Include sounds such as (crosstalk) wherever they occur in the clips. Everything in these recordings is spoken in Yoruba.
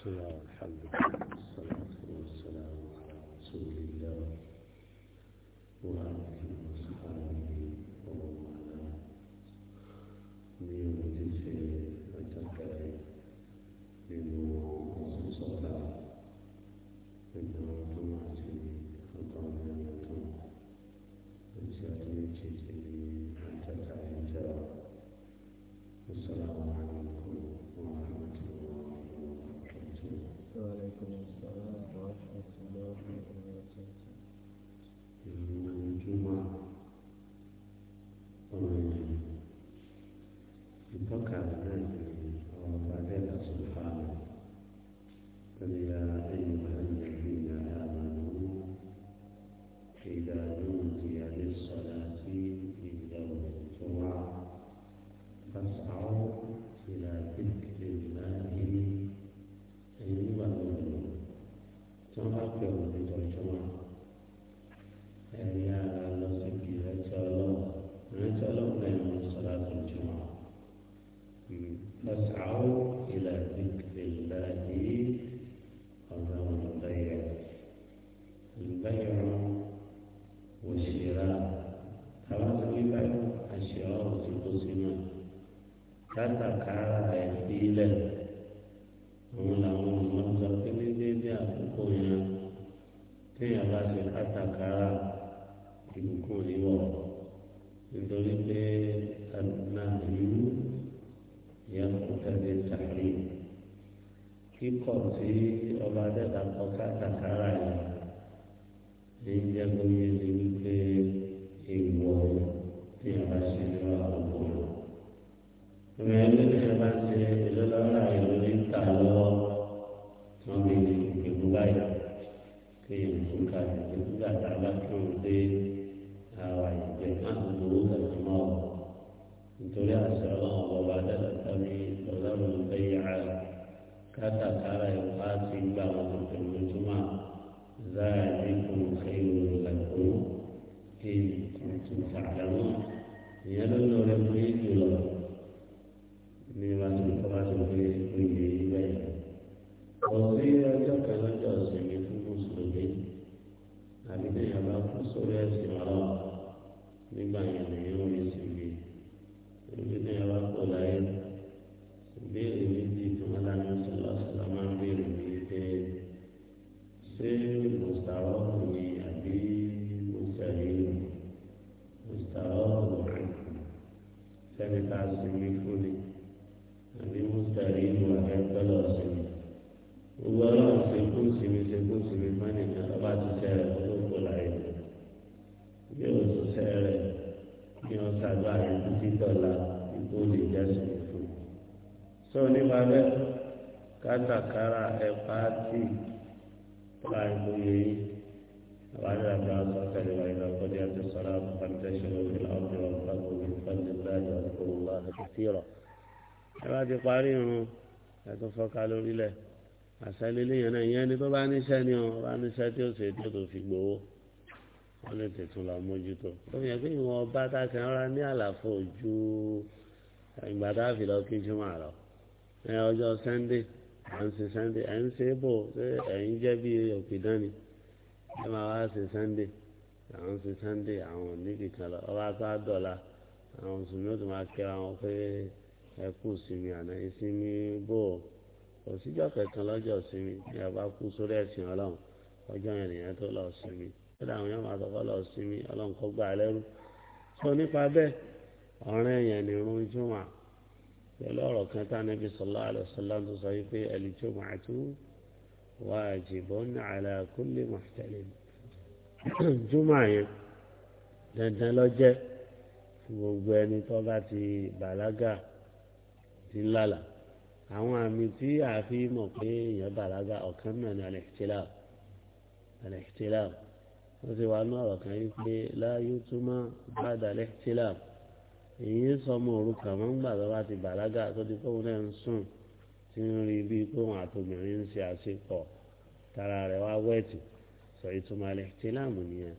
بسم الله والحمد لله والصلاة والسلام على رسول الله وعلى وعليكم السلام ورحمة الله وبركاته من الجمعة ومن البكر lè kátàkà ìbùkún òníwọ̀ nítorí pé àdúrà ìlú ìyá kò tẹ̀lé sàárè kíkọ̀ tí ọba dẹ́ta kọ kátàkárà yìí ní jẹ́gbóyè ni wípé èèwọ̀ tí a bá ṣe ní wà lọ́wọ́. ìrìn àjò tí a bá ṣe ìlú àìlú ní ìta lọ́wọ́ tí wọ́n fi ìgbìmọ̀ báyìí. thì chúng ta à, chúng ta đã là thường thì và những ăn đủ là mò nítorí àṣà ọlọ́run ọba dẹ́lẹ̀ tàbí ọlọ́run lẹ́yà kátàkárà ìwà ti gba àwọn ìdòmójúmọ́ záà nípòmù kéwòn lẹ́kọ̀ọ́ èyí tuntun tààmú ìyẹn ló lọ rẹ fún Nên jùlọ chúng ta tó kọ́ bá tó gbé oyè yìí bẹ́ẹ̀. ọ̀sẹ̀ ọjọ́ kan náà. ẹni tá a sì ni àbí mùsàlì ìlú akẹ́kọ̀ọ́ lọ sí mi gbogbo ọlọ́run ṣe kó sinmi ṣe kó sinmi mánìkan ọba ti ṣe rẹ̀ kó lóko láyé bí o tún ṣe rẹ̀ kí wọ́n ṣàgbá rẹ̀ títí dọ̀la ikú lè jẹ́ sinmi fún mi. sọ nípa bẹ́ẹ̀ kátàkárà ẹ̀ pàtì láì mú yẹn yìí. وعلى أبعاد صلى الله عليه وسلم قد يأتي الصلاة فانتشروا في الله كثيرا ẹ̀rọ ti parí على الله fọ́ka lórílẹ̀ أنا يعني náà ìyẹn ni tó bá níṣẹ́ ni ọ bá níṣẹ́ tí ó ṣe tí ó tó fi gbowó wọ́n lè tètè lọ mójútó tó yẹ pé ìwọ̀n ọba tá a ti rárá ní àlàfo ju ìgbà tá a fi lọ kí jùmọ̀ lọ ẹ ọjọ́ sẹ́ndé à ń ṣe sẹ́ndé ẹ̀ ń ṣe bò ṣé ẹ̀yin jẹ́ bí òpìdán ẹ máa wá ṣe sẹ́ndé à ń ṣe sẹ́ndé àwọn onídìí lọ ọba tó á dọ̀la àwọn mùsùlùmí ó ti máa kíra wọn pé ẹ kú sinmi àná ìsinmi bò kò síjọ́ kẹtàn lọ́jọ́ sinmi ní àbá kú sórí ẹ̀sìn ọlọ́run ọjọ́ yẹn nìyẹn tó lọ sinmi kódà àwọn yẹn máa tọ́kọ́ lọ sinmi ọlọ́run kó gbà lẹ́rú sọ nípa bẹ́ẹ̀ ọ̀rẹ́ yẹn ni irun jùmọ̀ pẹ̀lú ọ̀rọ̀ kan tá níbi sọ̀lá àlọ́sọ̀lá tó sọ wípé ẹ̀lìjọ́mọ̀ àti wàjibọ́n àlà kulli muhtalim (clears throat) jùmọ̀ yẹn dandan lọ́jẹ́ gbogbo ẹni tó bá ti bàlágà ti ń lálà àwọn àmì tí a fi mọ̀ pé èèyàn bàlágà ọ̀kan náà ni al-ihtilal al-ihtilal wọ́n ti wá ní ọ̀rọ̀ kan yìí pé láyé túmọ̀ ba'da al-ihtilal èyí sọmọ òrukàn máa ń gbà tó bá ti bàlágà tó ti fóun náà ń sùn tí ń rí bíi pé òun àtòmìnrin ń ṣe àṣepọ̀ tara rẹ̀ wá wẹ́ẹ̀tì sọ ìtumọ̀ al nìyẹn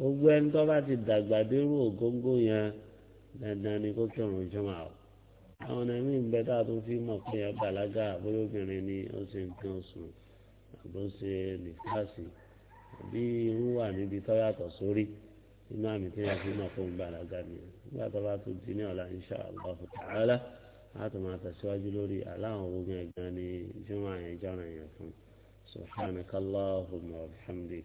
gbogbo ẹni tó bá ti dàgbà dérú ògóńgó yẹn dandan ni kó kírun jọmọ àwọn àwọn ọ̀nà míì bẹ tá a tún fi mọ̀ pé ẹ bàlágà bóyá ni ó ṣe nǹkan oṣù àbó ṣe nìfàṣì àbí irú wà níbi tó sórí inú àmì tí wọ́n fi mọ̀ fún bàlágà ni nígbà tó bá tún di ní ọ̀la insha Allah ta'ala a tún máa tẹ̀síwájú lórí aláwọn ogun ẹ̀gbọ́n ni jọ́wọ́ àyẹ̀jọ́ rẹ̀ yẹn fún subhanakallahumma wa bihamdik.